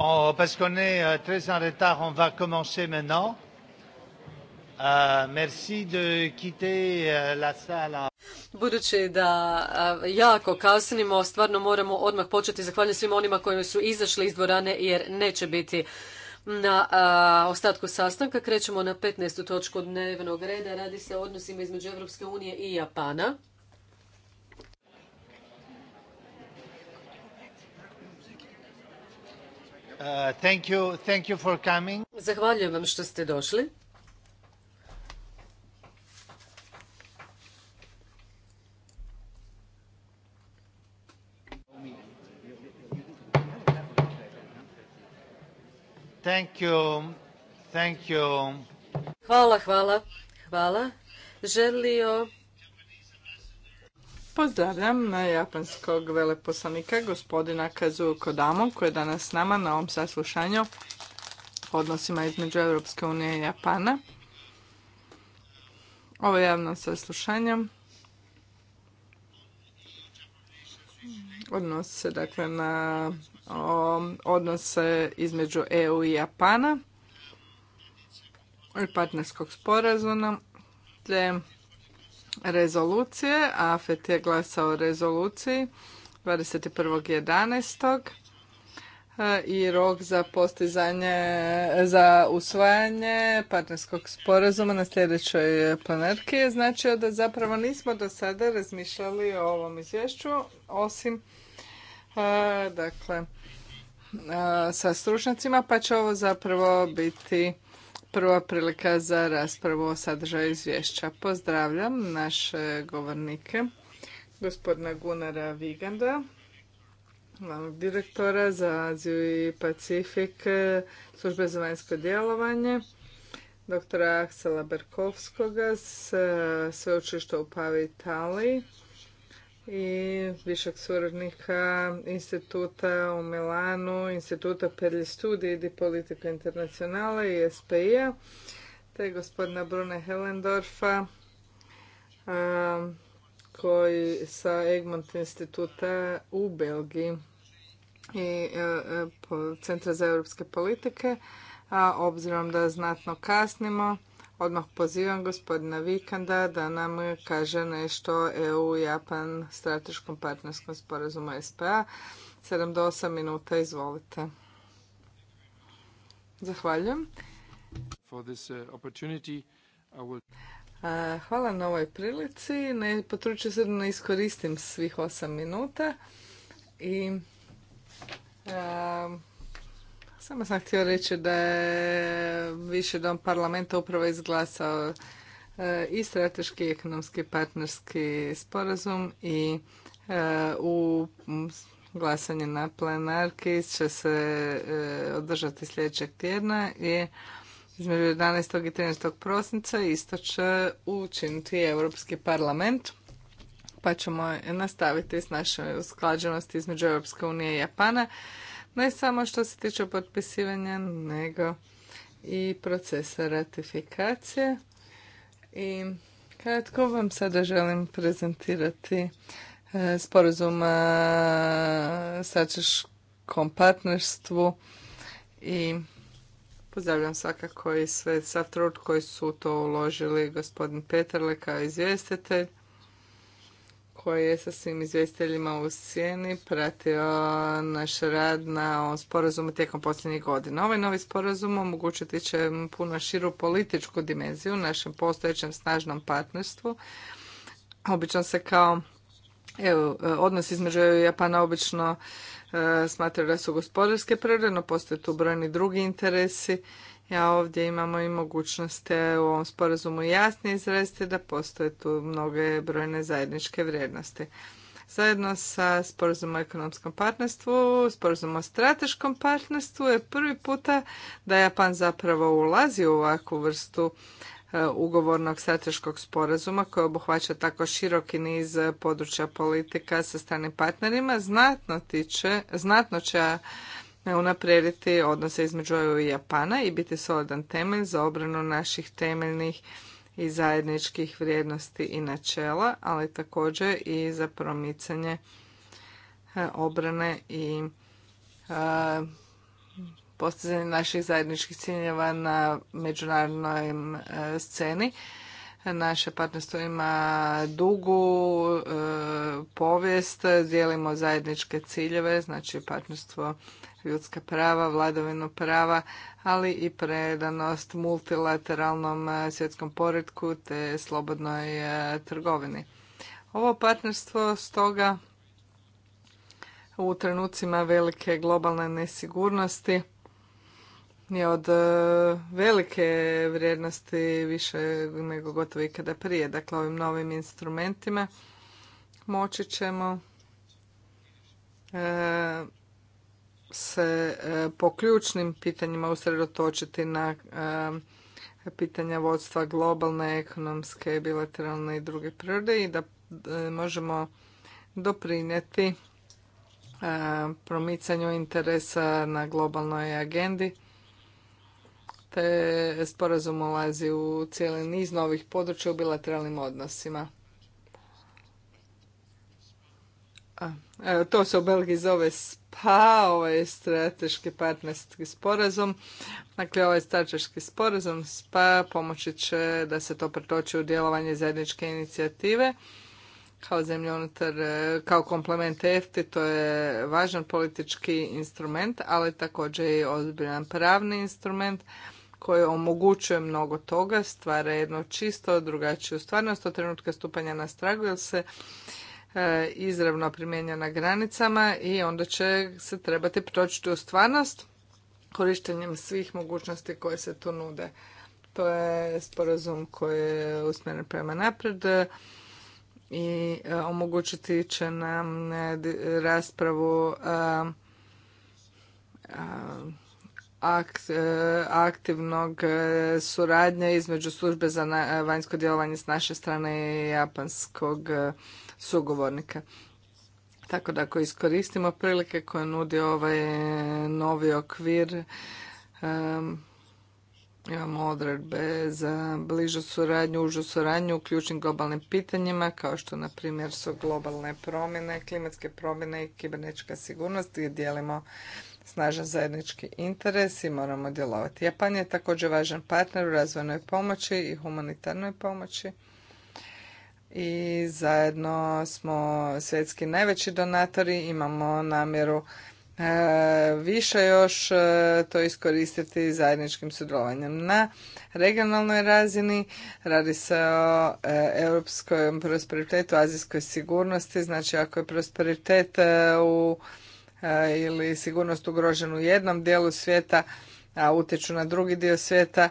Oh, parce qu'on est euh, très en retard, on va commencer maintenant. Euh, merci de quitter euh, la Budući da jako kasnimo, stvarno moramo odmah početi. Zahvaljujem svima onima koji su izašli iz dvorane jer neće biti na uh, ostatku sastanka. Krećemo na 15. točku dnevnog reda. Radi se o odnosima između Europske unije i Japana. Uh, thank you, thank you for coming. Zahvaljujem vam što ste došli. Thank you. Thank you. Hvala, hvala, hvala. Želio Pozdravljam japanskog veleposlanika gospodina kazu Kodamo koji je danas s nama na ovom saslušanju o odnosima između Europske unije i Japana. Ovo je javno saslušanje odnosi se dakle na odnose između EU i Japana i partnerskog sporazuma te rezolucije. AFET je glasao o rezoluciji 21.11. E, I rok za postizanje, za usvajanje partnerskog sporazuma na sljedećoj planerki je znači, da zapravo nismo do sada razmišljali o ovom izvješću, osim e, dakle e, sa stručnjacima, pa će ovo zapravo biti prva prilika za raspravu o sadržaju izvješća. Pozdravljam naše govornike, gospodina Gunara Viganda, glavnog direktora za Aziju i Pacifik, službe za vanjsko djelovanje, doktora Aksela Berkovskoga s sveučilišta u Pavi Italiji, i višak suradnika instituta u Milanu, instituta gli Studi di Politika Internacionala i SPI-a, te gospodina Brune Hellendorfa koji sa Egmont instituta u Belgiji i e, Centra za europske politike, a obzirom da znatno kasnimo, Odmah pozivam gospodina Vikanda da nam kaže nešto EU-Japan strateškom partnerskom sporazumu SPA. 7 do 8 minuta, izvolite. Zahvaljujem. Uh, hvala na ovoj prilici. Ne potručujem se da ne iskoristim svih 8 minuta. I samo sam htio reći da je više dom parlamenta upravo izglasao e, i strateški i ekonomski partnerski sporazum i e, u glasanje na plenarki će se e, održati sljedećeg tjedna i između 11. i 13. prosinca isto će učiniti Europski parlament pa ćemo nastaviti s našoj usklađenosti između Europske unije i Japana ne samo što se tiče potpisivanja, nego i procesa ratifikacije. I kratko vam sada želim prezentirati e, sporazum e, sa Češkom partnerstvu i pozdravljam svakako i sve, sa trud koji su to uložili gospodin Petrle kao izvjestitelj koji je sa svim izvjestiteljima u sjeni pratio naš rad na ovom sporazumu tijekom posljednjih godina. Ovaj novi sporazum omogućiti će puno širu političku dimenziju našem postojećem snažnom partnerstvu. Obično se kao evo, odnos između EU i Japana obično e, smatra da su gospodarske prirode, no postoje tu brojni drugi interesi ja ovdje imamo i mogućnost e, u ovom sporazumu jasnije izraziti da postoje tu mnoge brojne zajedničke vrijednosti. Zajedno sa sporazumom o ekonomskom partnerstvu, sporazumom o strateškom partnerstvu je prvi puta da Japan zapravo ulazi u ovakvu vrstu e, ugovornog strateškog sporazuma koji obuhvaća tako široki niz područja politika sa stranim partnerima znatno, tiče, znatno će unaprijediti odnose između EU i Japana i biti solidan temelj za obranu naših temeljnih i zajedničkih vrijednosti i načela, ali također i za promicanje e, obrane i e, postizanje naših zajedničkih ciljeva na međunarodnoj e, sceni. Naše partnerstvo ima dugu povijest, dijelimo zajedničke ciljeve, znači partnerstvo ljudska prava, vladavinu prava, ali i predanost multilateralnom e, svjetskom poredku te slobodnoj e, trgovini. Ovo partnerstvo stoga u trenucima velike globalne nesigurnosti je od e, velike vrijednosti više nego gotovo ikada prije. Dakle, ovim novim instrumentima moći ćemo se e, po ključnim pitanjima usredotočiti na e, pitanja vodstva globalne, ekonomske, bilateralne i druge prirode i da e, možemo doprinijeti promicanju interesa na globalnoj agendi te sporazum ulazi u cijeli niz novih područja u bilateralnim odnosima. E, to se u Belgiji zove SPA, ovaj strateški partnerski sporazum. Dakle, ovaj strateški sporazum SPA pomoći će da se to pretoči u djelovanje zajedničke inicijative kao zemlje unutar, e, kao komplement EFTI, to je važan politički instrument, ali također i ozbiljan pravni instrument koji omogućuje mnogo toga, stvara jedno čisto drugačiju stvarnost od trenutka stupanja na stragu, jer se E, izravno primjenjena na granicama i onda će se trebati proći u stvarnost korištenjem svih mogućnosti koje se tu nude. To je sporazum koji je usmjeren prema napred i e, omogućiti će nam e, raspravu aktivnog suradnje između službe za vanjsko djelovanje s naše strane i japanskog sugovornika. Tako da ako iskoristimo prilike koje nudi ovaj novi okvir, um, imamo odredbe za bližu suradnju, užu suradnju u ključnim globalnim pitanjima, kao što na primjer su globalne promjene, klimatske promjene i kibernetička sigurnost gdje dijelimo snažan zajednički interes i moramo djelovati. Japan je također važan partner u razvojnoj pomoći i humanitarnoj pomoći i zajedno smo svjetski najveći donatori, imamo namjeru e, više još e, to iskoristiti zajedničkim sudjelovanjem na regionalnoj razini. Radi se o e, europskom prosperitetu, azijskoj sigurnosti, znači ako je prosperitet e, u ili sigurnost ugrožena u jednom dijelu svijeta, a utječu na drugi dio svijeta,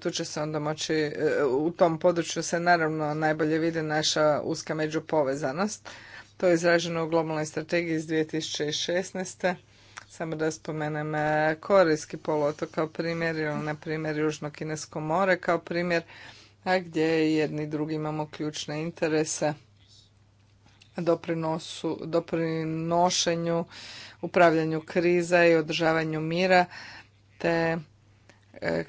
tu će se onda moći, e, u tom području se naravno najbolje vidi naša uska međupovezanost. To je izraženo u globalnoj strategiji iz 2016. Samo da spomenem e, Korejski poluotok kao primjer ili na primjer Južno-Kinesko more kao primjer, a gdje jedni i drugi imamo ključne interese doprinošenju, upravljanju kriza i održavanju mira, te e,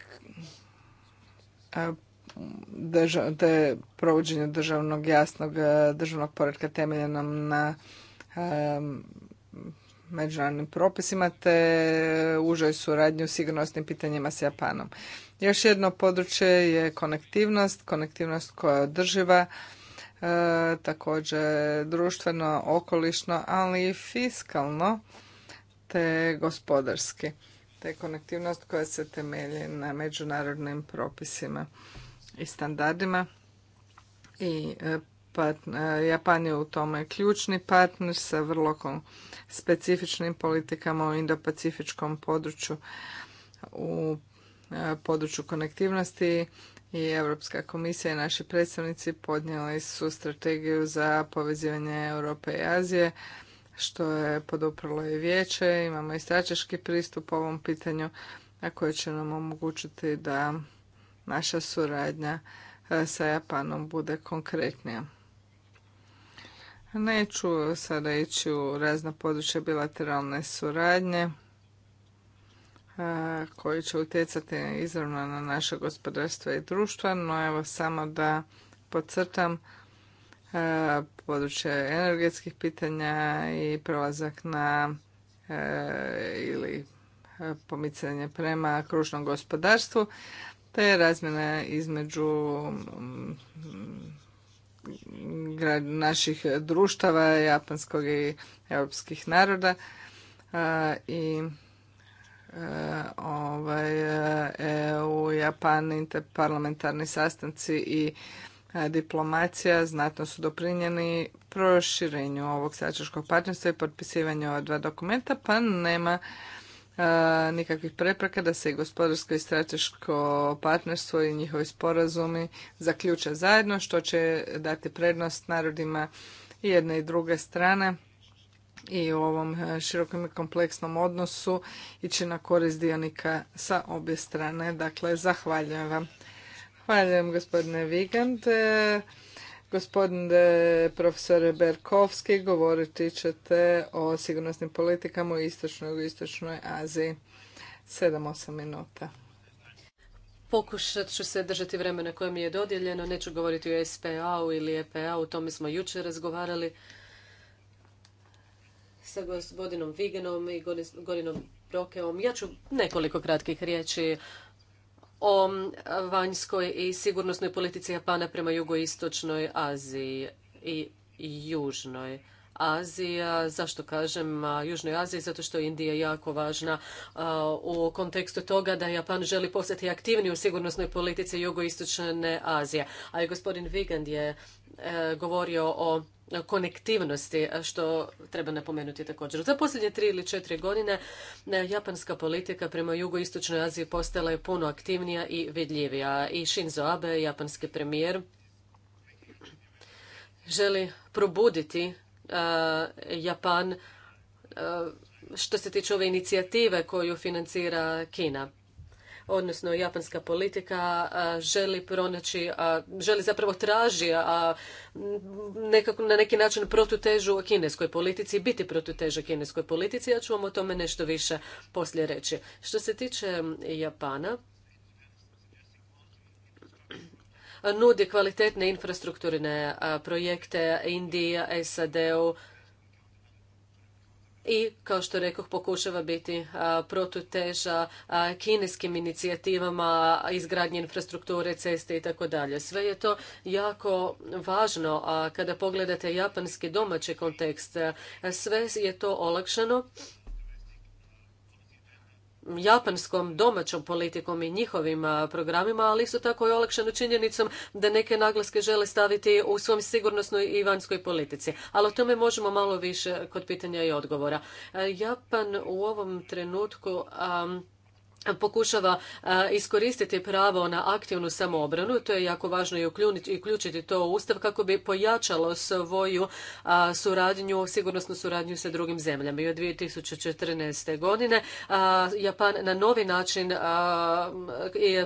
te provođenje državnog jasnog e, državnog poredka temeljenom na e, međunarodnim propisima te užoj suradnju s sigurnosnim pitanjima s Japanom. Još jedno područje je konektivnost, konektivnost koja je održiva, e, također društveno, okolišno, ali i fiskalno te gospodarski te konektivnost koja se temelji na međunarodnim propisima i standardima. I e, e, Japan je u tome ključni partner sa vrlo specifičnim politikama u indopacifičkom području u e, području konektivnosti i Europska komisija i naši predstavnici podnijeli su strategiju za povezivanje Europe i Azije što je poduprlo i vijeće. Imamo i strateški pristup ovom pitanju, a koje će nam omogućiti da naša suradnja e, sa Japanom bude konkretnija. Neću sada ići u razna područja bilateralne suradnje e, koji će utjecati izravno na naše gospodarstvo i društva, no evo samo da podcrtam E, područje energetskih pitanja i prelazak na e, ili e, pomicanje prema kružnom gospodarstvu, te razmjene između mm, naših društava, japanskog i europskih naroda i ovaj, EU, Japan, parlamentarni sastanci i diplomacija znatno su doprinjeni proširenju ovog strateškog partnerstva i potpisivanju ova dva dokumenta, pa nema nikakvih prepreka da se i gospodarsko i strateško partnerstvo i njihovi sporazumi zaključe zajedno, što će dati prednost narodima i jedne i druge strane i u ovom e, širokom i kompleksnom odnosu ići na korist dionika sa obje strane. Dakle, zahvaljujem vam. Hvala gospodine Vigand. E, Gospodin profesor Berkovski, govoriti ćete o sigurnosnim politikama u istočnoj i istočnoj Aziji. 7-8 minuta. Pokušat ću se držati vremena koje mi je dodijeljeno. Neću govoriti o SPA-u ili EPA-u, o tome smo jučer razgovarali sa gospodinom Vigenom i Gorinom Brokeom. Ja ću nekoliko kratkih riječi o vanjskoj i sigurnosnoj politici Japana prema jugoistočnoj Aziji i južnoj Azija. Zašto kažem Južnoj Aziji? Zato što je Indija jako važna u kontekstu toga da Japan želi postati aktivniji u sigurnosnoj politici jugoistočne Azije. A i gospodin Vigand je e, govorio o konektivnosti, što treba napomenuti također. Za posljednje tri ili četiri godine e, japanska politika prema jugoistočnoj Aziji postala je puno aktivnija i vidljivija. I Shinzo Abe, japanski premijer, želi probuditi Eh, Japan eh, što se tiče ove inicijative koju financira Kina odnosno japanska politika eh, želi pronaći, želi zapravo traži a na neki način protutežu kineskoj politici, biti protuteža kineskoj politici. Ja ću vam o tome nešto više poslije reći. Što se tiče Japana, nudi kvalitetne infrastrukturne projekte Indiji, SAD-u i kao što rekoh pokušava biti protuteža kineskim inicijativama izgradnje infrastrukture, ceste i tako dalje. Sve je to jako važno kada pogledate japanski domaći kontekst. Sve je to olakšano japanskom domaćom politikom i njihovim programima, ali isto tako je olakšano činjenicom da neke naglaske žele staviti u svom sigurnosnoj i vanjskoj politici. Ali o tome možemo malo više kod pitanja i odgovora. E, Japan u ovom trenutku pokušava e, iskoristiti pravo na aktivnu samoobranu, to je jako važno i uključiti to u Ustav kako bi pojačalo svoju suradnju, sigurnosnu suradnju sa drugim zemljama. I od 2014. godine Japan na novi način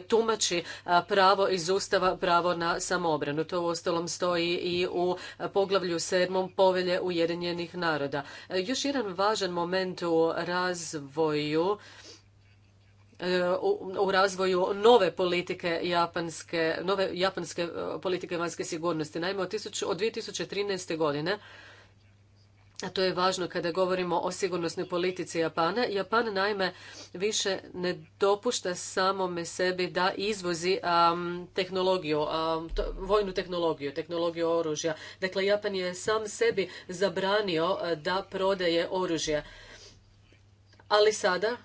tumači pravo iz Ustava, pravo na samoobranu. To uostalom stoji i u poglavlju 7. povelje Ujedinjenih naroda. E, još jedan važan moment u razvoju E, u razvoju nove politike japanske, nove japanske e, politike vanjske sigurnosti. Naime, od 2013. godine a to je važno kada govorimo o sigurnosnoj politici Japana. Japan naime više ne dopušta samome sebi da izvozi tehnologiju, vojnu tehnologiju, tehnologiju oružja. Dakle, Japan je sam sebi zabranio e, da prodaje oružje. Ali sada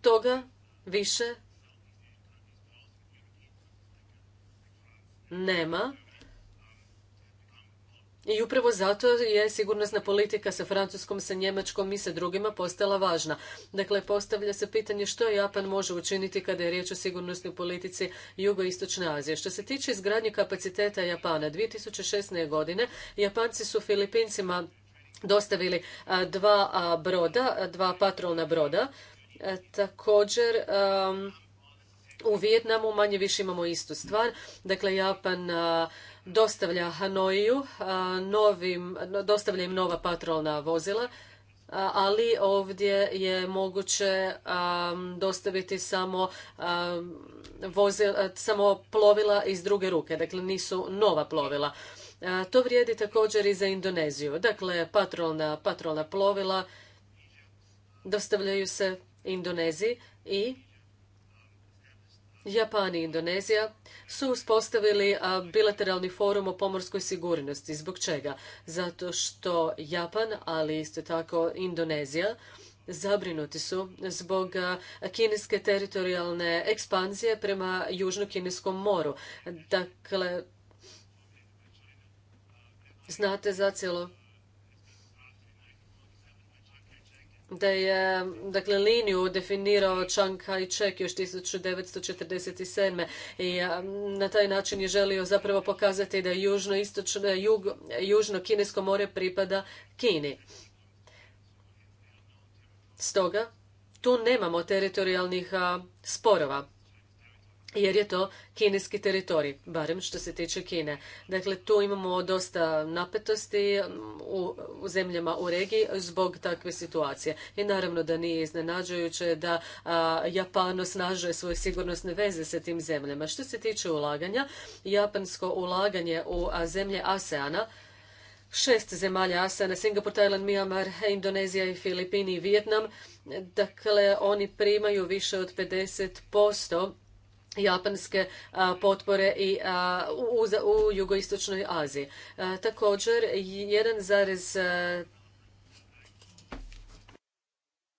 toga više nema. I upravo zato je sigurnosna politika sa Francuskom, sa Njemačkom i sa drugima postala važna. Dakle, postavlja se pitanje što Japan može učiniti kada je riječ o sigurnosnoj politici jugoistočne Azije. Što se tiče izgradnje kapaciteta Japana, 2016. godine Japanci su Filipincima dostavili dva broda, dva patrolna broda E, također, u Vijetnamu manje više imamo istu stvar. Dakle, Japan e, dostavlja Hanoiju, e, novim, dostavlja im nova patrolna vozila, ali ovdje je moguće dostaviti samo, samo plovila iz druge ruke, dakle nisu nova plovila. To vrijedi također i za Indoneziju. Dakle, patrolna plovila dostavljaju se Indoneziji i Japan i Indonezija su uspostavili bilateralni forum o pomorskoj sigurnosti. Zbog čega? Zato što Japan, ali isto tako Indonezija, zabrinuti su zbog kineske teritorijalne ekspanzije prema Južno-Kineskom moru. Dakle, znate cijelo, da je dakle, liniju definirao Chiang Kai-shek još 1947. i na taj način je želio zapravo pokazati da južno, istočno, jug, južno kinesko more pripada Kini. Stoga, tu nemamo teritorijalnih sporova jer je to kineski teritorij, barem što se tiče Kine. Dakle, tu imamo dosta napetosti u, zemljama u regiji zbog takve situacije. I naravno da nije iznenađujuće da Japan osnažuje svoje sigurnosne veze sa tim zemljama. Što se tiče ulaganja, japansko ulaganje u zemlje ASEANA, šest zemalja ASEANA, Singapur, Tajland, Myanmar, Indonezija i Filipini i Vijetnam, dakle, oni primaju više od 50% japanske potpore i u jugoistočnoj Aziji. Također 1,3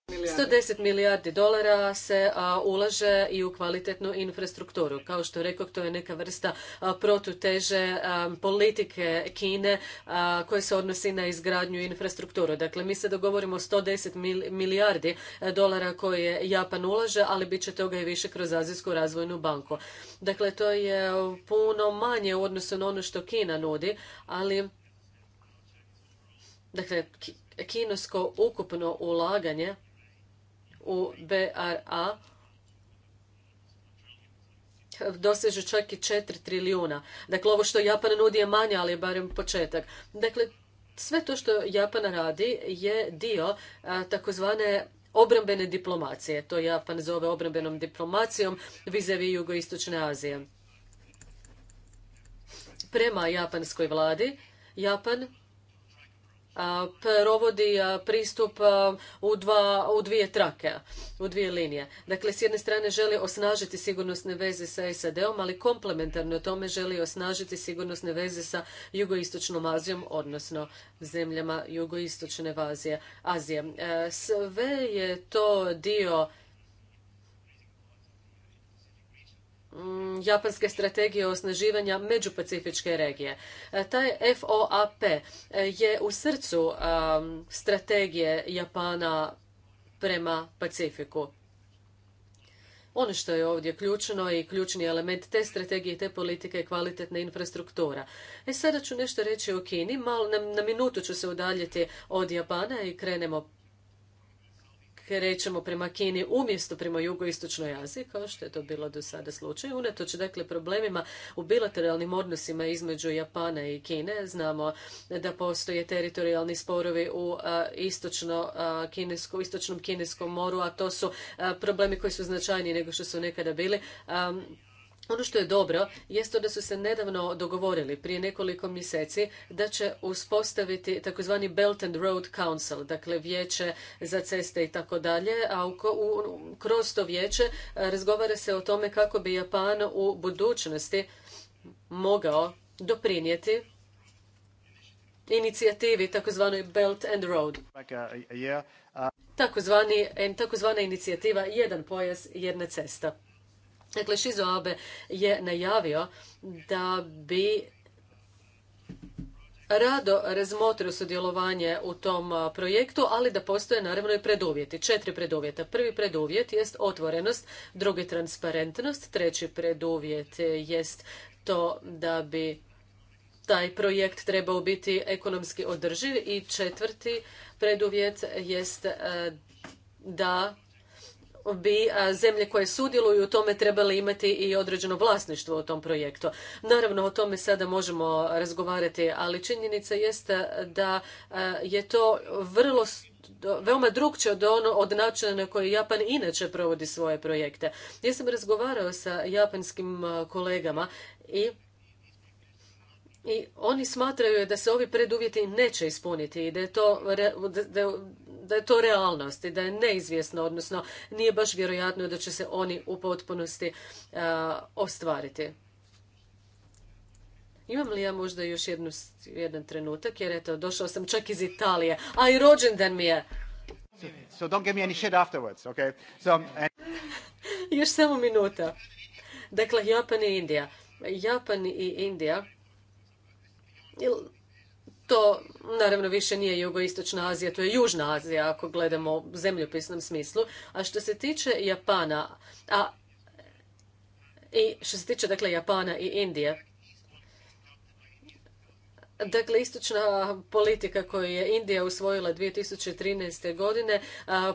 110 milijardi dolara se ulaže i u kvalitetnu infrastrukturu. Kao što rekao, to je neka vrsta protuteže politike Kine koje se odnosi na izgradnju infrastrukturu. Dakle, mi se dogovorimo 110 milijardi dolara koje Japan ulaže, ali bit će toga i više kroz Azijsku razvojnu banku. Dakle, to je puno manje u odnosu na ono što Kina nudi, ali dakle, kinesko ukupno ulaganje u BRA dosežu čak i 4 trilijuna. Dakle, ovo što Japan nudi je manje, ali je barem početak. Dakle, sve to što Japan radi je dio takozvane obrambene diplomacije. To Japan zove obrambenom diplomacijom vizavi jugoistočne Azije. Prema japanskoj vladi, Japan provodi pristup u, dva, u dvije trake, u dvije linije. Dakle, s jedne strane želi osnažiti sigurnosne veze sa SAD-om, ali komplementarno tome želi osnažiti sigurnosne veze sa jugoistočnom Azijom, odnosno zemljama jugoistočne Azije. E, sve je to dio Mm, japanske strategije osnaživanja međupacifičke regije. E, taj FOAP e, je u srcu strategije Japana prema Pacifiku. Ono što je ovdje ključno i ključni element te strategije i te politike je kvalitetna infrastruktura. E sada ću nešto reći o Kini, malo na, na minutu ću se udaljiti od Japana i krenemo krećemo prema Kini umjesto prema jugoistočnoj Aziji, kao što je to bilo do sada slučaj. Unatoč dakle problemima u bilateralnim odnosima između Japana i Kine, znamo da postoje teritorijalni sporovi u istočno istočnom kineskom moru, a to su problemi koji su značajniji nego što su nekada bili. Ono što je dobro jest da su se nedavno dogovorili prije nekoliko mjeseci da će uspostaviti takozvani Belt and Road Council, dakle vijeće za ceste i tako dalje, a kroz to vijeće e, razgovara se o tome kako bi Japan u budućnosti mogao doprinijeti inicijativi takozvanoj Belt and Road. Takozvani, takozvana inicijativa jedan pojas, jedna cesta. Dakle, Šizoabe Abe je najavio da bi rado razmotrio sudjelovanje u tom projektu, ali da postoje naravno i preduvjeti. Četiri preduvjeta. Prvi preduvjet jest otvorenost, drugi transparentnost, treći preduvjet jest to da bi taj projekt trebao biti ekonomski održiv i četvrti preduvjet jest da bi zemlje koje sudjeluju u tome trebale imati i određeno vlasništvo u tom projektu. Naravno, o tome sada možemo razgovarati, ali činjenica jest da je to vrlo veoma drukčije od, ono, od načina na koji Japan inače provodi svoje projekte. Ja sam razgovarao sa japanskim kolegama i i oni smatraju da se ovi preduvjeti neće ispuniti i da je to da, da je to realnost i da je neizvjesno, odnosno nije baš vjerojatno da će se oni u potpunosti e, ostvariti. Imam li ja možda još jedan trenutak, jer eto, došao sam čak iz Italije, a i rođendan mi je. So don't give me any shit afterwards, Još samo minuta. Dakle, Japan i Indija. Japan i Indija to naravno više nije jugoistočna Azija, to je južna Azija ako gledamo u zemljopisnom smislu. A što se tiče Japana, a i što se tiče dakle Japana i Indije, Dakle, istočna politika koju je Indija usvojila 2013. godine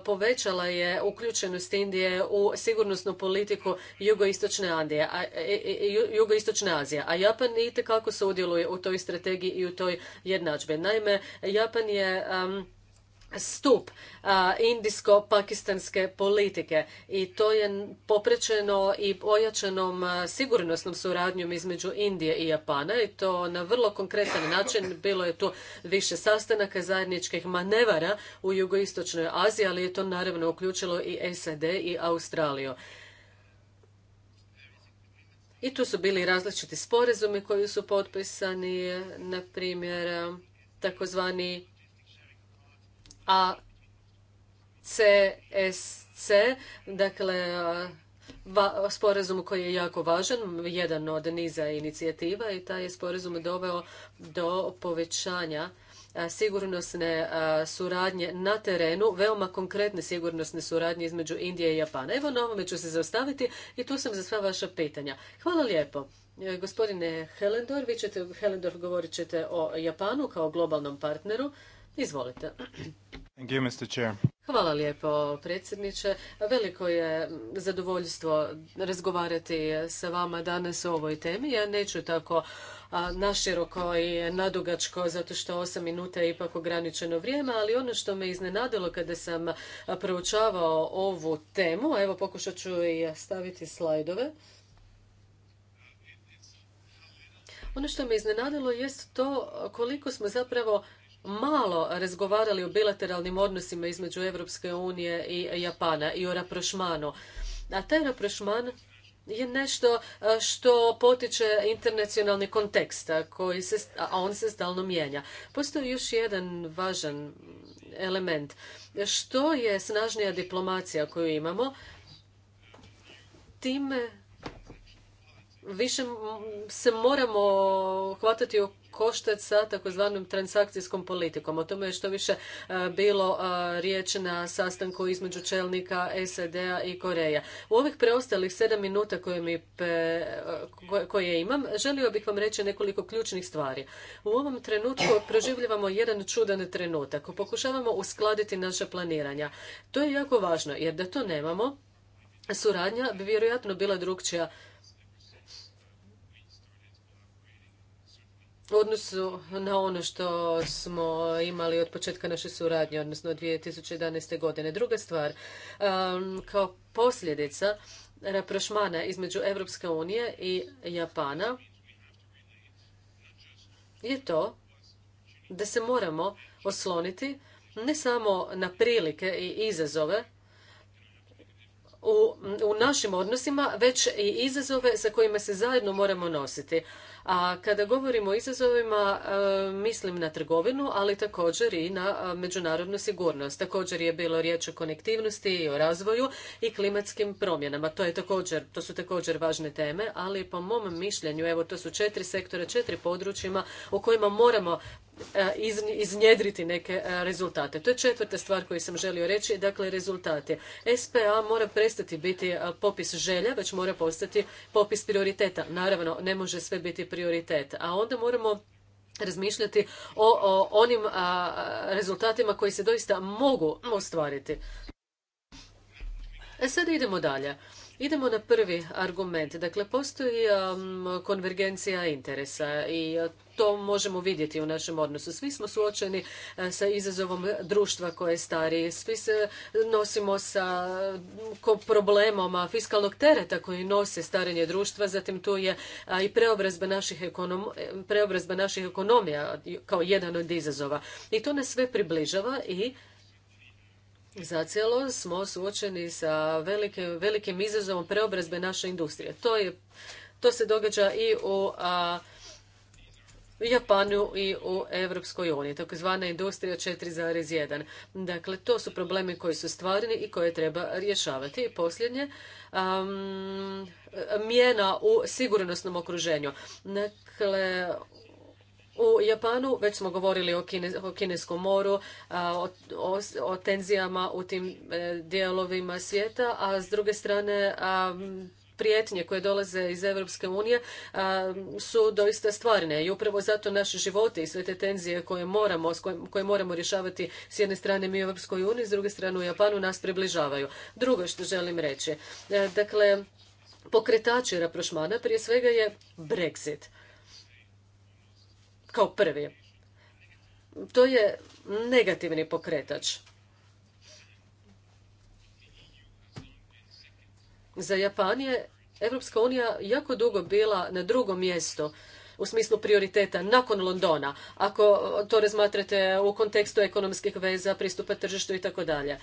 povećala je uključenost Indije u sigurnosnu politiku jugoistočne, Andije, e, e, e, jugoistočne Azije, a Japan itekako sudjeluje u toj strategiji i u toj jednadžbi. Naime, Japan je stup indijsko-pakistanske politike i to je poprečeno i ojačanom sigurnosnom suradnjom između Indije i Japana i to na vrlo konkretan način. Bilo je tu više sastanaka zajedničkih manevara u jugoistočnoj Aziji, ali je to naravno uključilo i SAD i Australiju. I tu su bili različiti sporazumi koji su potpisani, na primjer takozvani a CSC, dakle sporazum koji je jako važan, jedan od niza inicijativa i taj je sporazum doveo do povećanja sigurnosne suradnje na terenu, veoma konkretne sigurnosne suradnje između Indije i Japana. Evo na ovome ću se zaustaviti i tu sam za sva vaša pitanja. Hvala lijepo. E, gospodine Helendor, vi ćete, Helendor govorit ćete o Japanu kao globalnom partneru. Izvolite. Thank you, Mr. Chair. Hvala lijepo, predsjedniče. Veliko je zadovoljstvo razgovarati sa vama danas o ovoj temi. Ja neću tako naširoko i nadugačko, zato što osam minuta je ipak ograničeno vrijeme, ali ono što me iznenadilo kada sam proučavao ovu temu, evo pokušat ću i staviti slajdove, ono što me iznenadilo jest to koliko smo zapravo malo razgovarali o bilateralnim odnosima između Europske unije i Japana i o raprošmanu. A taj raprošman je nešto e, što potiče internacionalni kontekst, a on se stalno mijenja. Postoji još jedan važan element. Što je snažnija diplomacija koju imamo, time više se moramo hvatati u koštac sa takozvanom transakcijskom politikom. O tome je što više e, bilo e, riječ na sastanku između čelnika SAD-a e i Koreja. U ovih preostalih sedam minuta koje, mi, koje imam, želio bih vam reći nekoliko ključnih stvari. U ovom trenutku proživljavamo jedan čudan trenutak. Pokušavamo uskladiti naše planiranja. To je jako važno, jer da to nemamo, suradnja bi vjerojatno bila drugčija odnosu na ono što smo imali od početka naše suradnje, odnosno od 2011. godine. Druga stvar, um, kao posljedica raprošmana između Europske unije i Japana je to da se moramo osloniti ne samo na prilike i izazove u, u našim odnosima, već i izazove sa kojima se zajedno moramo nositi. A kada govorimo o izazovima, e, mislim na trgovinu, ali također i na e, međunarodnu sigurnost. Također je bilo riječ o konektivnosti i o razvoju i klimatskim promjenama. To, je također, to su također važne teme, ali po mom mišljenju, evo to su četiri sektora, četiri područjima u kojima moramo E, iznjedriti neke e, rezultate. To je četvrta stvar koju sam želio reći, dakle rezultate. SPA mora prestati biti e, popis želja, već mora postati popis prioriteta. Naravno, ne može sve biti prioritet, a onda moramo razmišljati o, onim rezultatima koji se doista mogu ostvariti. E sada idemo dalje. Idemo na prvi argument. Dakle, postoji konvergencija interesa i to možemo vidjeti u našem odnosu. Svi smo suočeni e, sa izazovom društva koje je starije. Svi se nosimo sa problemom fiskalnog tereta koji nose starenje društva. Zatim tu je i preobrazba naših, ekonom, e, preobrazba naših ekonomija kao jedan od izazova. I to nas sve približava i zacijelo smo suočeni sa velikim, velikim izazovom preobrazbe naše industrije. To, je, to se događa i u a, u Japanu i u Europskoj uniji, takozvana industrija 4.1. Dakle, to su problemi koji su stvarni i koje treba rješavati. I posljednje, um, mjena u sigurnosnom okruženju. Dakle, u Japanu već smo govorili o, Kineskom moru, o, tenzijama u tim e, dijelovima svijeta, a s druge strane prijetnje koje dolaze iz Europske unije su doista stvarne i upravo zato naše životi i sve te tenzije koje moramo, koje moramo rješavati s jedne strane mi u Europskoj uniji, s druge strane u Japanu nas približavaju. Drugo što želim reći, e, dakle, pokretači raprošmana prije svega je Brexit. Kao prvi. To je negativni pokretač. Za Japan je Evropska unija jako dugo bila na drugo mjesto u smislu prioriteta nakon Londona, ako to razmatrate u kontekstu ekonomskih veza, pristupa tržištu i tako dalje.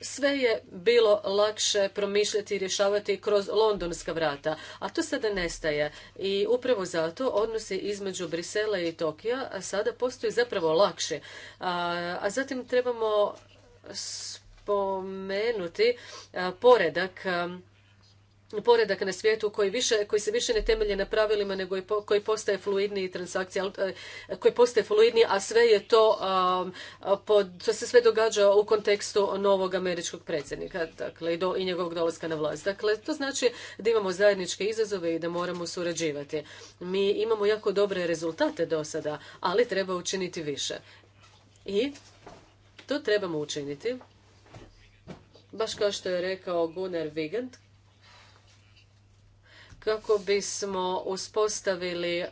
Sve je bilo lakše promišljati i rješavati kroz londonska vrata, a to sada nestaje. I upravo zato odnosi između Brisela i Tokija sada postaju zapravo lakše. A, a zatim trebamo spomenuti e, poredak e, poredak na svijetu koji, više, koji se više ne temelje na pravilima nego koji postaje fluidni transakcija e, koji postaje fluidni a sve je to pod, to se sve događa u kontekstu novog američkog predsjednika dakle i, do, i njegovog dolaska na vlast dakle to znači da imamo zajedničke izazove i da moramo surađivati mi imamo jako dobre rezultate do sada ali treba učiniti više i to trebamo učiniti baš kao što je rekao Gunnar Wigand, kako bismo uspostavili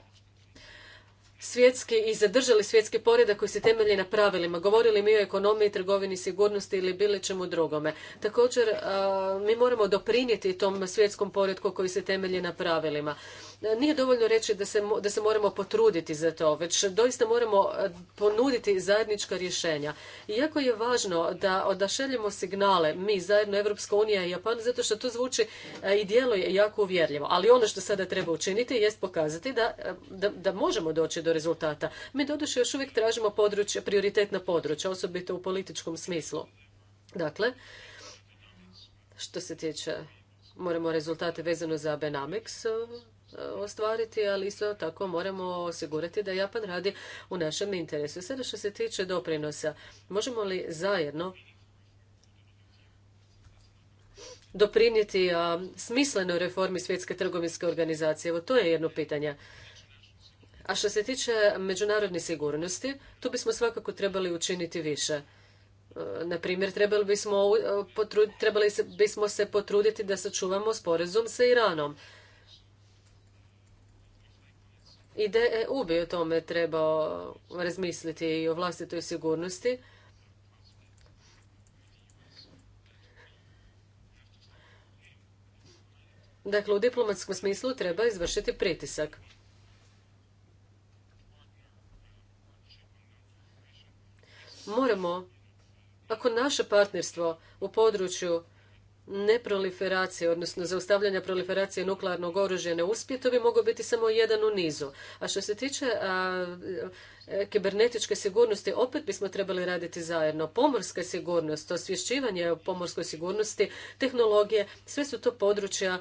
svjetski i zadržali svjetski poredak koji se temelji na pravilima. Govorili mi o ekonomiji, trgovini, sigurnosti ili bilo čemu drugome. Također, mi moramo doprinijeti tom svjetskom poretku koji se temelji na pravilima. Nije dovoljno reći da se, da se moramo potruditi za to, već doista moramo e, ponuditi zajednička rješenja. Iako je važno da odašeljemo signale, mi zajedno Evropska unija i Japan, zato što to zvuči e, i djeluje jako uvjerljivo. Ali ono što sada treba učiniti jest pokazati e, da, možemo doći do rezultata. Mi doduše još uvijek tražimo područje, prioritetna područja, osobito u političkom smislu. Dakle, što se tiče moramo rezultate vezano za Benamix ostvariti, ali isto tako moramo osigurati da Japan radi u našem interesu. Sada što se tiče doprinosa, možemo li zajedno doprinijeti smislenoj reformi svjetske trgovinske organizacije? Evo, to je jedno pitanje. A što se tiče međunarodne sigurnosti, tu bismo svakako trebali učiniti više. E, na primjer, trebali bismo, e, trebali bismo se potruditi da sačuvamo sporazum sa Iranom. I DEU e bi o tome trebao razmisliti i o vlastitoj sigurnosti. Dakle, u diplomatskom smislu treba izvršiti pritisak. Moramo, ako naše partnerstvo u području neproliferacije, odnosno zaustavljanja proliferacije nuklearnog oružja ne uspije, to bi mogao biti samo jedan u nizu. A što se tiče e, kibernetičke sigurnosti, opet bismo trebali raditi zajedno. Pomorska sigurnost, osvješćivanje o pomorskoj sigurnosti, tehnologije, sve su to područja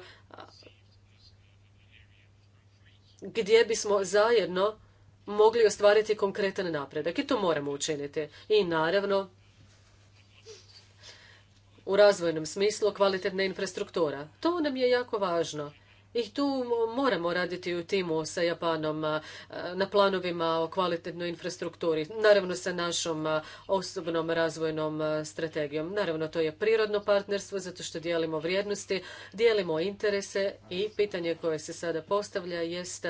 gdje bismo zajedno mogli ostvariti konkretan napredak. I to moramo učiniti. I naravno, u razvojnom smislu kvalitetna infrastruktura. To nam je jako važno. I tu moramo raditi u timu sa Japanom na planovima o kvalitetnoj infrastrukturi. Naravno sa našom osobnom razvojnom strategijom. Naravno to je prirodno partnerstvo zato što dijelimo vrijednosti, dijelimo interese i pitanje koje se sada postavlja jest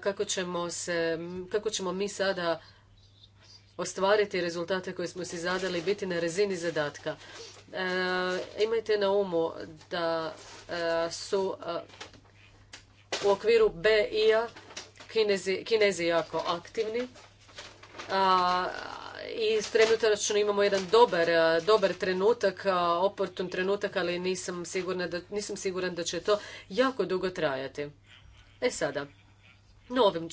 kako ćemo, se, kako ćemo mi sada ostvariti rezultate koje smo si zadali biti na razini zadatka. E, imajte na umu da e, su e, u okviru BI-a kinezi, jako aktivni i trenutačno imamo jedan dobar, dobar trenutak, oportun trenutak, ali nisam, sigurna da, siguran da će to jako dugo trajati. E sada,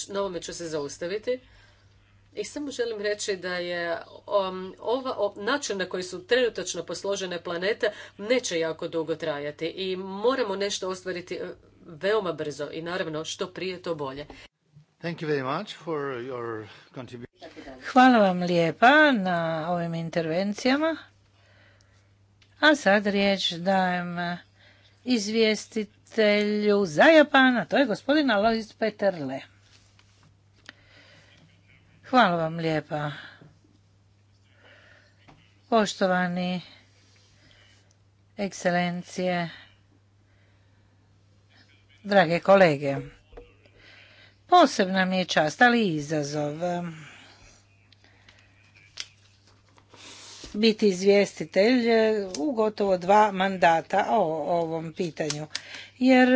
na ovome ću se zaustaviti. I samo želim reći da je um, ova, način na koji su trenutačno posložene planete neće jako dugo trajati i moramo nešto ostvariti uh, veoma brzo i naravno što prije to bolje. Hvala vam lijepa na ovim intervencijama. A sad riječ dajem izvjestitelju za Japana, to je gospodin Alois Peterle. Hvala vam lijepa. Poštovani ekscelencije, drage kolege, posebna mi je čast, ali i izazov biti izvjestitelj e, u gotovo dva mandata o ovom pitanju. Jer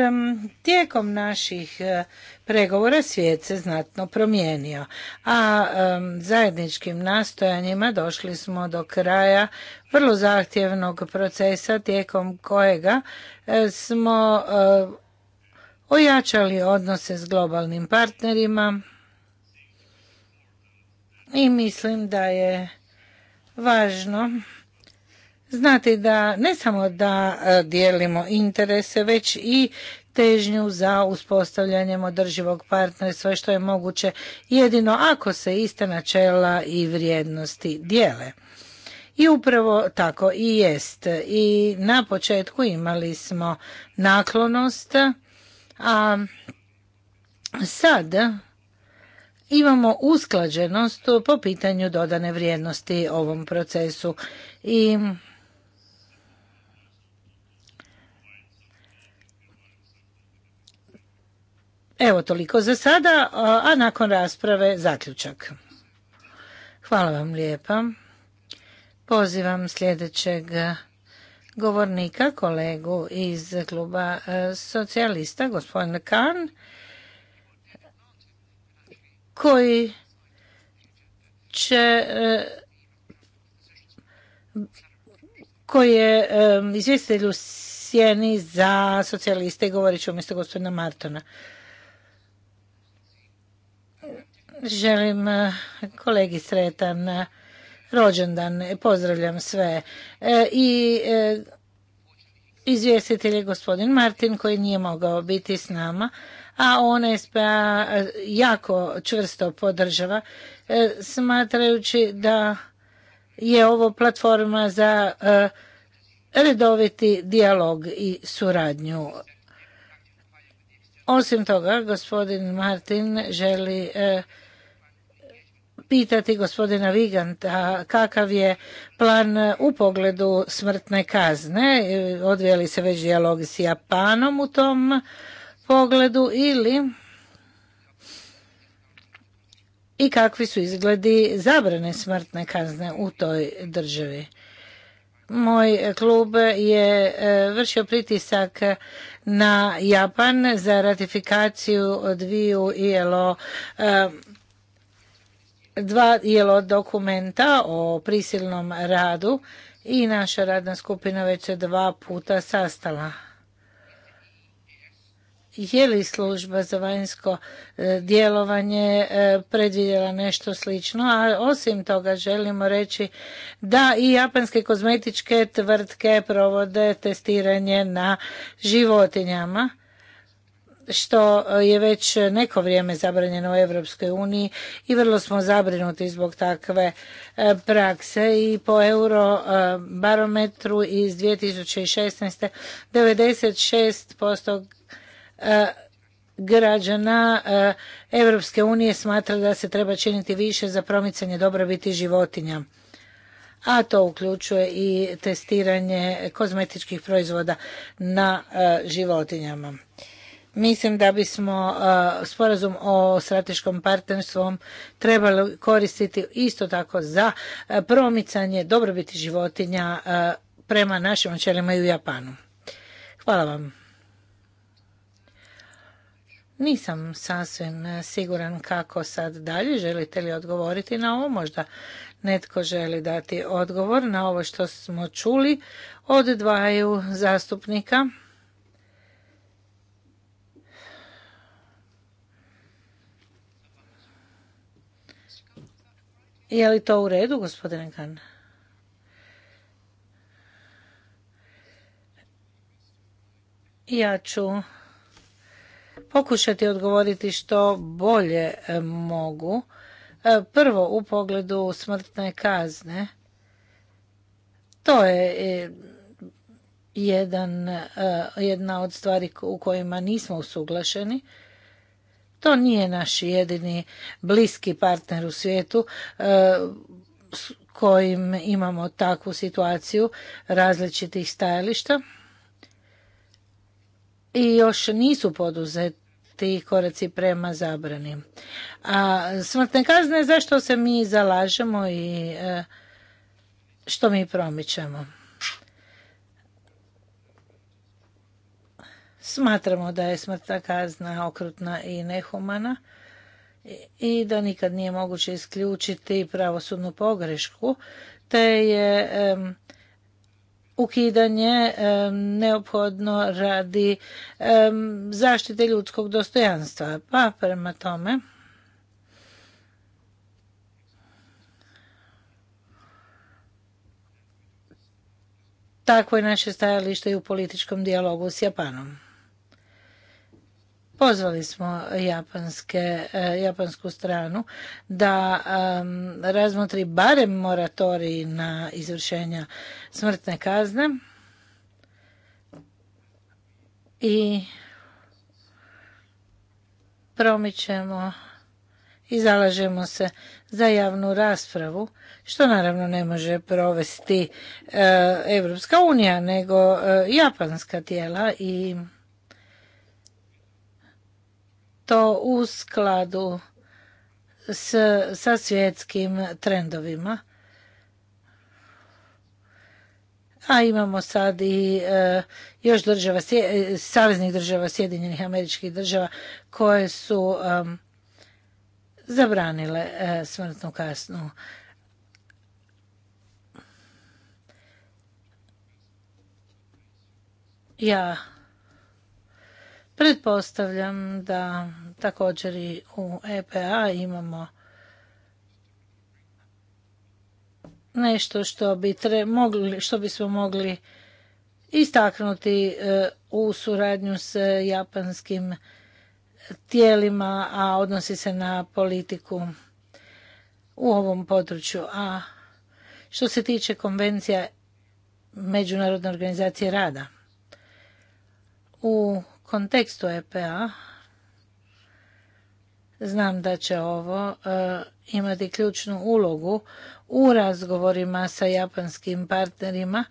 tijekom naših e, pregovora svijet se znatno promijenio, a e, zajedničkim nastojanjima došli smo do kraja vrlo zahtjevnog procesa tijekom kojega smo ojačali odnose s globalnim partnerima i mislim da je važno znati da ne samo da e, dijelimo interese, već i težnju za uspostavljanjem održivog partnerstva što je moguće jedino ako se iste načela i vrijednosti dijele. I upravo tako i jest. I na početku imali smo naklonost, a sad imamo usklađenost po pitanju dodane vrijednosti ovom procesu i Evo toliko za sada, a nakon rasprave zaključak. Hvala vam lijepa. Pozivam sljedećeg govornika, kolegu iz kluba e, socijalista, gospodin Kahn koji će eh, koji je eh, izvjestitelj u sjeni za socijaliste i govorit ću umjesto gospodina Martona. Želim eh, kolegi sretan rođendan, pozdravljam sve. I izvjestitelj je gospodin Martin koji nije mogao biti s nama, a on SPA jako čvrsto podržava, e, smatrajući da je ovo platforma za e, redoviti dijalog i suradnju. Osim toga, gospodin Martin želi e, pitati gospodina Viganta kakav je plan u pogledu smrtne kazne. Odvijali se već dijalog s Japanom u tom pogledu ili i kakvi su izgledi zabrane smrtne kazne u toj državi. Moj klub je e, vršio pritisak na Japan za ratifikaciju dviju ILO e, dva ILO dokumenta o prisilnom radu i naša radna skupina već se dva puta sastala je li služba za vanjsko e, djelovanje e, predvidjela nešto slično, a osim toga želimo reći da i japanske kozmetičke tvrtke provode testiranje na životinjama što je već neko vrijeme zabranjeno u Europskoj uniji i vrlo smo zabrinuti zbog takve e, prakse i po eurobarometru iz 2016. 96% E, građana Europske unije smatra da se treba činiti više za promicanje dobrobiti životinja a to uključuje i testiranje kozmetičkih proizvoda na e, životinjama. Mislim da bismo e, sporazum o strateškom partnerstvu trebali koristiti isto tako za promicanje dobrobiti životinja prema našim načelima i u Japanu. Hvala vam. Nisam sasvim e, siguran kako sad dalje. Želite li odgovoriti na ovo? Možda netko želi dati odgovor na ovo što smo čuli od dvaju zastupnika. Je li to u redu, gospodine Kan? Ja ću pokušati odgovoriti što bolje e, mogu. E, prvo u pogledu smrtne kazne. To je e, jedan, jedna od stvari u kojima nismo usuglašeni. To nije naš jedini bliski partner u svijetu s kojim imamo takvu situaciju različitih stajališta i još nisu poduzeti koraci prema zabrani. A smrtne kazne zašto se mi zalažemo i e, što mi promičemo. Smatramo da je smrtna kazna okrutna i nehumana i da nikad nije moguće isključiti pravosudnu pogrešku, te je ukidanje neophodno radi zaštite ljudskog dostojanstva. Pa prema tome takvo je naše stajalište i u političkom dijalogu s Japanom. Pozvali smo e, japansku stranu da razmotri barem moratorij na izvršenja smrtne kazne i promičemo i zalažemo se za javnu raspravu, što naravno ne može provesti Europska unija, nego e, japanska tijela i to u skladu s, sa svjetskim trendovima. A imamo sad i e, još država, e, saveznih država, Sjedinjenih američkih država koje su zabranile e, smrtnu kasnu. Ja Pretpostavljam da također i u EPA imamo nešto što, bi tre, mogli, što bismo mogli istaknuti e, u suradnju s japanskim tijelima, a odnosi se na politiku u ovom području. A što se tiče konvencija Međunarodne organizacije rada, u kontekstu EPA znam da će ovo e, imati ključnu ulogu u razgovorima sa japanskim partnerima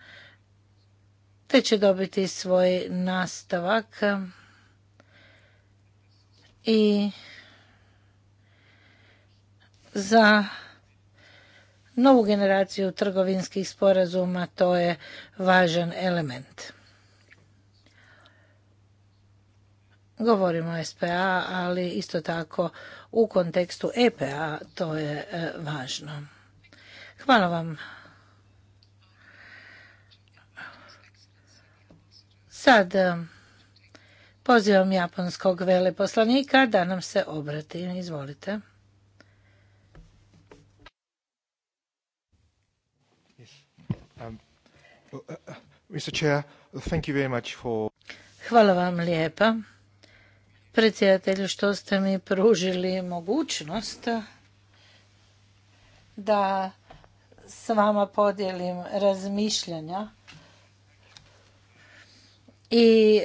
te će dobiti svoj nastavak i za novu generaciju trgovinskih sporazuma to je važan element. Govorimo o SPA, ali isto tako u kontekstu EPA to je e, važno. Hvala vam. Sad e, pozivam japonskog veleposlanika da nam se obrati. Izvolite. Hvala vam lijepa predsjedatelju što ste mi pružili mogućnost da s vama podijelim razmišljanja i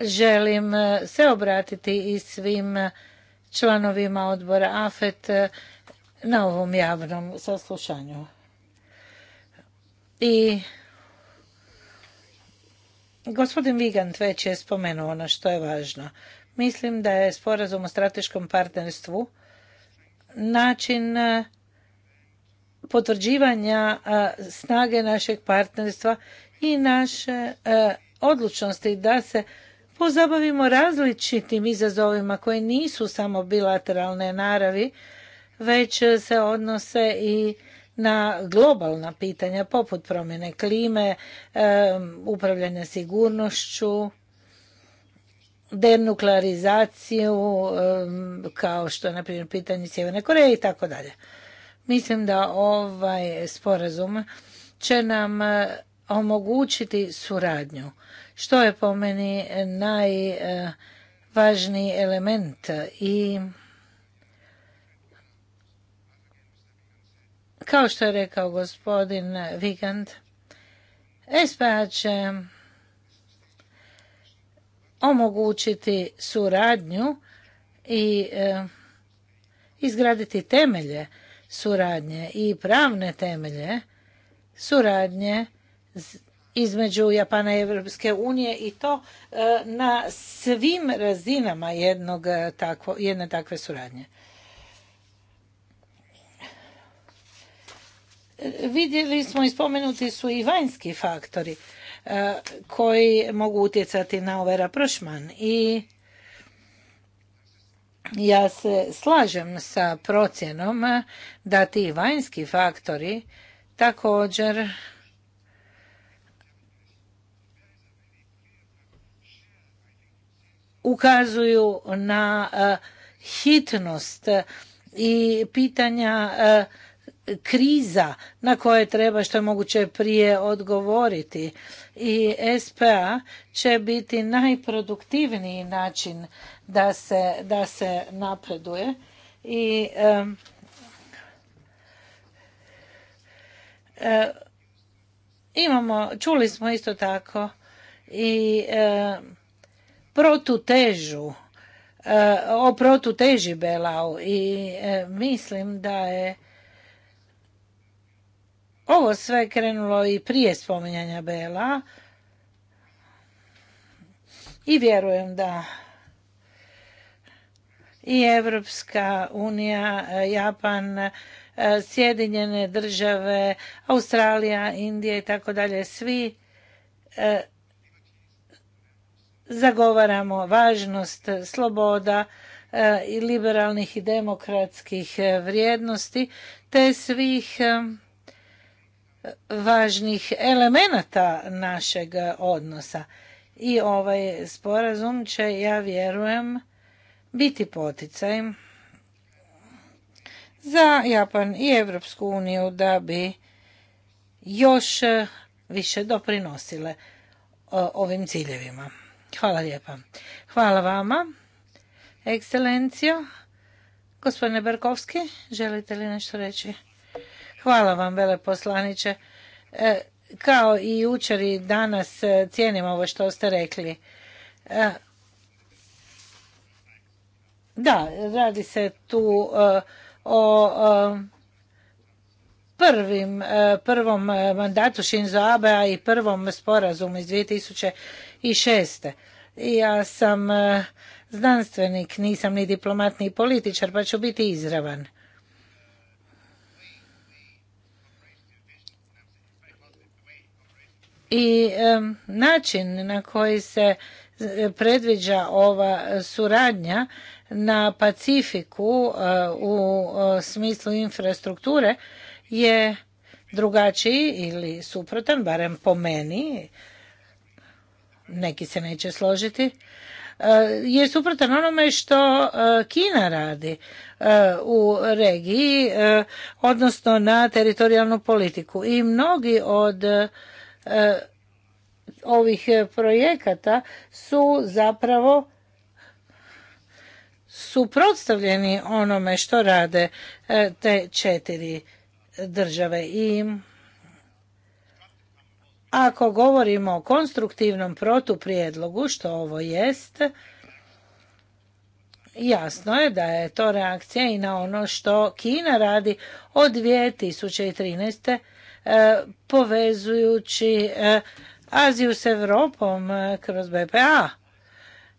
želim se obratiti i svim članovima odbora AFET na ovom javnom saslušanju. I Gospodin Vigant već je spomenuo ono što je važno. Mislim da je sporazum o strateškom partnerstvu način e, potvrđivanja e, snage našeg partnerstva i naše e, odlučnosti da se pozabavimo različitim izazovima koji nisu samo bilateralne naravi, već se odnose i na globalna pitanja poput promjene klime, upravljanja sigurnošću, denuklearizaciju, kao što je na primjer pitanje Sjeverne Koreje i tako dalje. Mislim da ovaj sporazum će nam eh, omogućiti suradnju, što je po meni najvažniji element i Kao što je rekao gospodin Vigand, SPA će omogućiti suradnju i e, izgraditi temelje suradnje i pravne temelje suradnje između Japana i Europske unije i to e, na svim razinama jednog e, jedne takve suradnje. Vidjeli smo i spomenuti su i vanjski faktori e, koji mogu utjecati na ovaj raprošman i ja se slažem sa procjenom da ti vanjski faktori također ukazuju na e, hitnost i pitanja e, kriza na koje treba što je moguće prije odgovoriti. I SPA će biti najproduktivniji način da se, napreduje. I imamo, čuli smo isto tako i protutežu o protuteži Belau i mislim da je ovo sve je krenulo i prije spominjanja Bela i vjerujem da i Evropska unija, Japan, Sjedinjene države, Australija, Indija i tako dalje, svi e, zagovaramo važnost sloboda e, i liberalnih i demokratskih e, vrijednosti te svih važnih elemenata našeg odnosa. I ovaj sporazum će, ja vjerujem, biti poticaj za Japan i Evropsku uniju da bi još više doprinosile ovim ciljevima. Hvala lijepa. Hvala vama, ekscelencijo. Gospodine Berkovski, želite li nešto reći? Hvala vam, veleposlaniče. E, kao i jučer i danas e, cijenim ovo što ste rekli. E, da, radi se tu o prvom mandatu Shinzo Abea i prvom sporazumu iz 2006. Ja sam znanstvenik, nisam ni diplomat ni političar, pa ću biti izravan. i način na koji se e, predviđa ova suradnja na Pacifiku e, u e, smislu infrastrukture je drugačiji ili suprotan, barem po meni, neki se neće složiti, je suprotan onome što Kina radi u regiji, odnosno na teritorijalnu politiku. I mnogi od E, ovih e, projekata su zapravo suprotstavljeni onome što rade e, te četiri države i ako govorimo o konstruktivnom protuprijedlogu što ovo jest jasno je da je to reakcija i na ono što Kina radi od 2013 E, povezujući e, Aziju s Europom e, kroz BPA.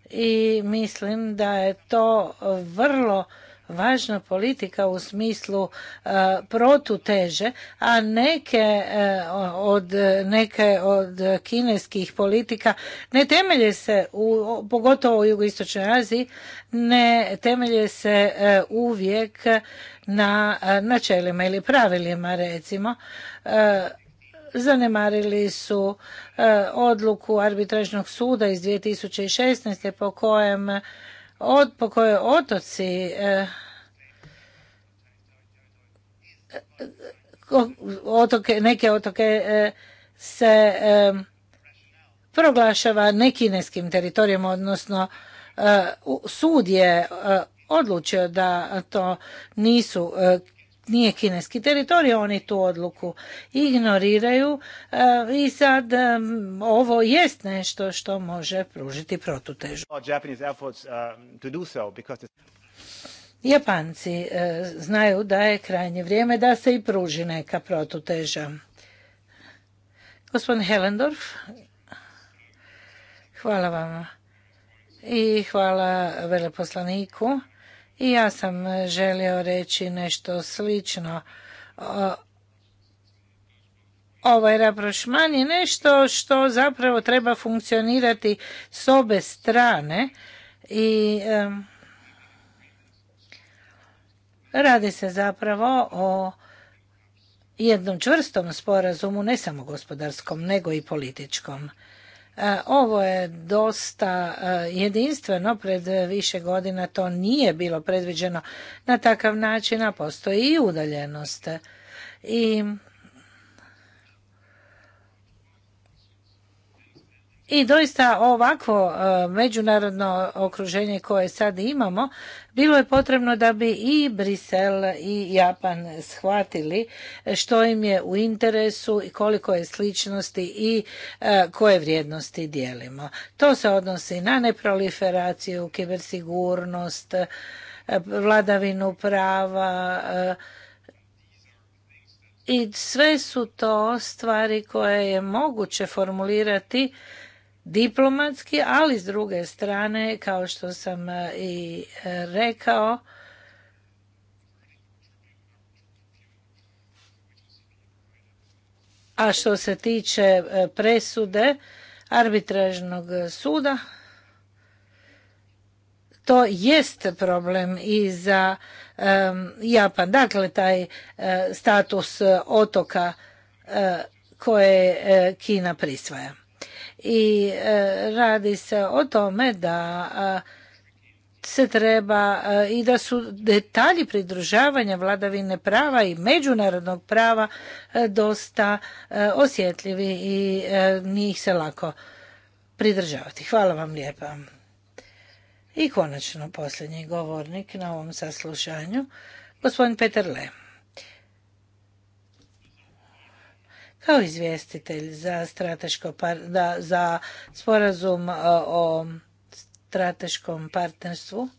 I mislim da je to vrlo važna politika u smislu e, protuteže, a neke e, od, neke od kineskih politika ne temelje se, u, pogotovo u jugoistočnoj Aziji, ne temelje se e, uvijek na načelima ili pravilima recimo zanemarili su odluku arbitražnog suda iz 2016. po kojem od po kojoj otoci e, otoke, neke otoke e, se e, proglašava nekineskim teritorijom, odnosno sud je odlučio da to nisu nije kineski teritorij, oni tu odluku ignoriraju e, i sad e, ovo jest nešto što može pružiti protutežu. Um, Japanci e, znaju da je krajnje vrijeme da se i pruži neka protuteža. Gospodin Helendorf, hvala vam i hvala veleposlaniku i ja sam želio reći nešto slično. Ovaj raprošman je nešto što zapravo treba funkcionirati s obe strane i radi se zapravo o jednom čvrstom sporazumu, ne samo gospodarskom, nego i političkom. E, ovo je dosta e, jedinstveno, pred e, više godina to nije bilo predviđeno na takav način, a postoji i udaljenost. I I doista ovakvo e, međunarodno okruženje koje sad imamo, bilo je potrebno da bi i Brisel i Japan shvatili što im je u interesu i koliko je sličnosti i e, koje vrijednosti dijelimo. To se odnosi na neproliferaciju, kibersigurnost, e, vladavinu prava, i sve su to stvari koje je moguće formulirati diplomatski, ali s druge strane, kao što sam e, i rekao, a što se tiče e, presude arbitražnog suda, to jest problem i za Japan. Dakle, taj e, status otoka koje Kina prisvaja i e, radi se o tome da se treba i da su detalji pridružavanja vladavine prava i međunarodnog prava e, dosta e, osjetljivi i njih se lako pridržavati. Hvala vam lijepa. I konačno posljednji govornik na ovom saslušanju, gospodin Peter Le. kao izvjestitelj za strateško da, za sporazum e, o strateškom partnerstvu.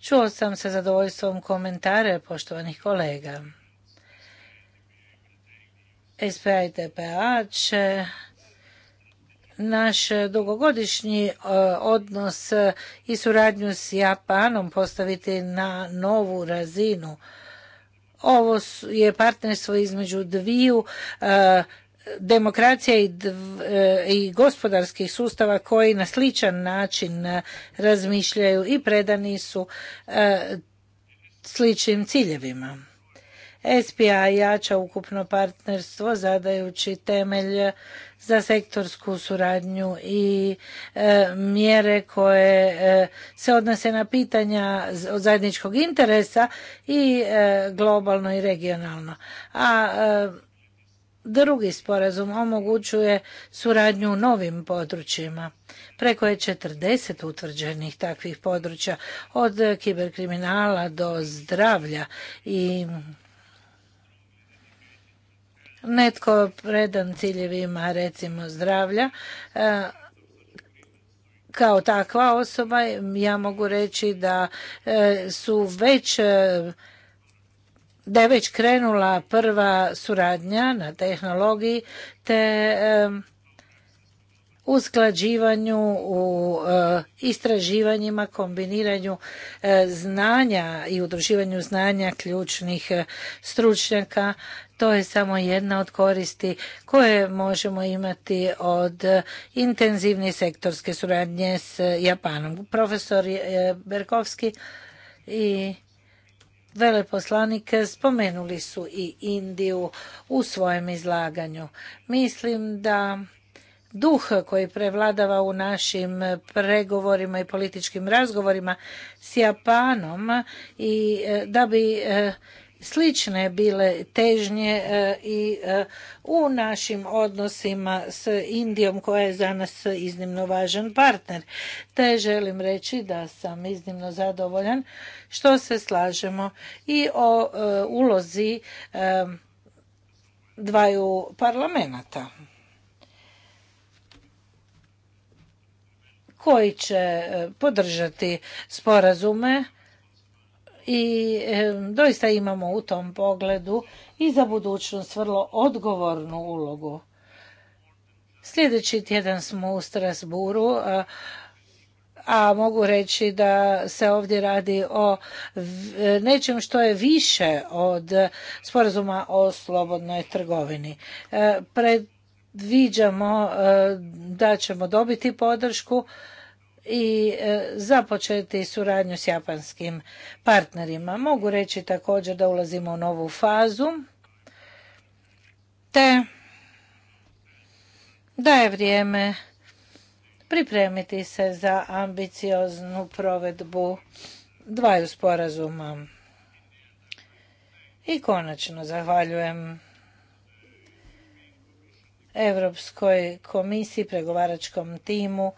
Čuo sam sa zadovoljstvom komentare poštovanih kolega. SPA i TPA će naš dugogodišnji e, odnos i suradnju s Japanom postaviti na novu razinu ovo je partnerstvo između dviju e, demokracija e, i gospodarskih sustava koji na sličan način e, razmišljaju i predani su sličnim ciljevima. SPA jača ukupno partnerstvo zadajući temelj za sektorsku suradnju i e, mjere koje e, se odnose na pitanja od zajedničkog interesa i e, globalno i regionalno. A drugi sporazum omogućuje suradnju u novim područjima. Preko je 40 utvrđenih takvih područja od kiberkriminala do zdravlja i netko predan ciljevima recimo zdravlja e, kao takva osoba ja mogu reći da e, su već e, da je već krenula prva suradnja na tehnologiji te usklađivanju u istraživanjima kombiniranju znanja i udruživanju znanja ključnih stručnjaka to je samo jedna od koristi koje možemo imati od intenzivne sektorske suradnje s Japanom. Profesor eh, Berkovski i veleposlanik spomenuli su i Indiju u svojem izlaganju. Mislim da duh koji prevladava u našim pregovorima i političkim razgovorima s Japanom i eh, da bi eh, slične bile težnje e, i e, u našim odnosima s Indijom koja je za nas iznimno važan partner. Te želim reći da sam iznimno zadovoljan što se slažemo i o e, ulozi dvaju parlamenta. koji će podržati sporazume i doista imamo u tom pogledu i za budućnost vrlo odgovornu ulogu. Sljedeći tjedan smo u Strasburu, a, a mogu reći da se ovdje radi o nečem što je više od sporazuma o slobodnoj trgovini. E, predviđamo e, da ćemo dobiti podršku i e, započeti suradnju s japanskim partnerima. Mogu reći također da ulazimo u novu fazu te da je vrijeme pripremiti se za ambicioznu provedbu dvaju sporazuma. I konačno zahvaljujem Europskoj komisiji, pregovaračkom timu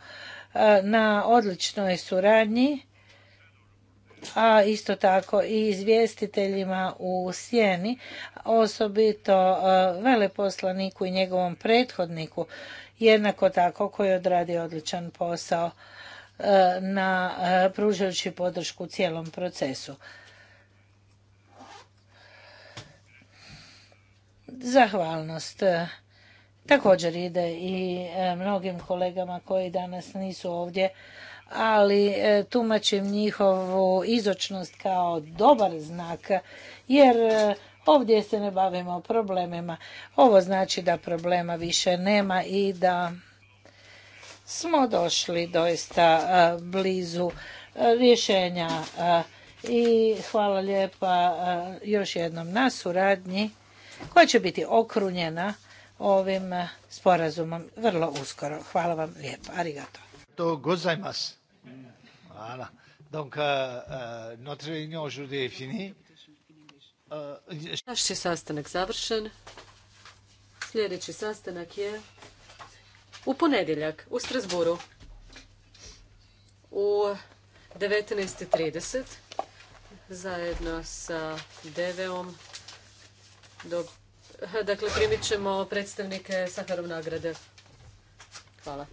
E, na odličnoj suradnji, a isto tako i izvjestiteljima u sjeni, osobito e, veleposlaniku i njegovom prethodniku, jednako tako koji odradi odličan posao e, na pružajući podršku cijelom procesu. Zahvalnost također ide i e, mnogim kolegama koji danas nisu ovdje, ali e, tumačim njihovu izočnost kao dobar znak, jer e, ovdje se ne bavimo problemima. Ovo znači da problema više nema i da smo došli doista blizu rješenja i hvala lijepa još jednom na suradnji koja će biti okrunjena ovim eh, sporazumom vrlo uskoro. Hvala vam lijepo. Arigato. To gozaimas. Voilà. Donc, euh, notre est eh, Naš je sastanak završen. Sljedeći sastanak je u ponedjeljak u Strasburu u 19.30 zajedno sa Deveom dok Dakle, primit ćemo predstavnike Saharov nagrade. Hvala.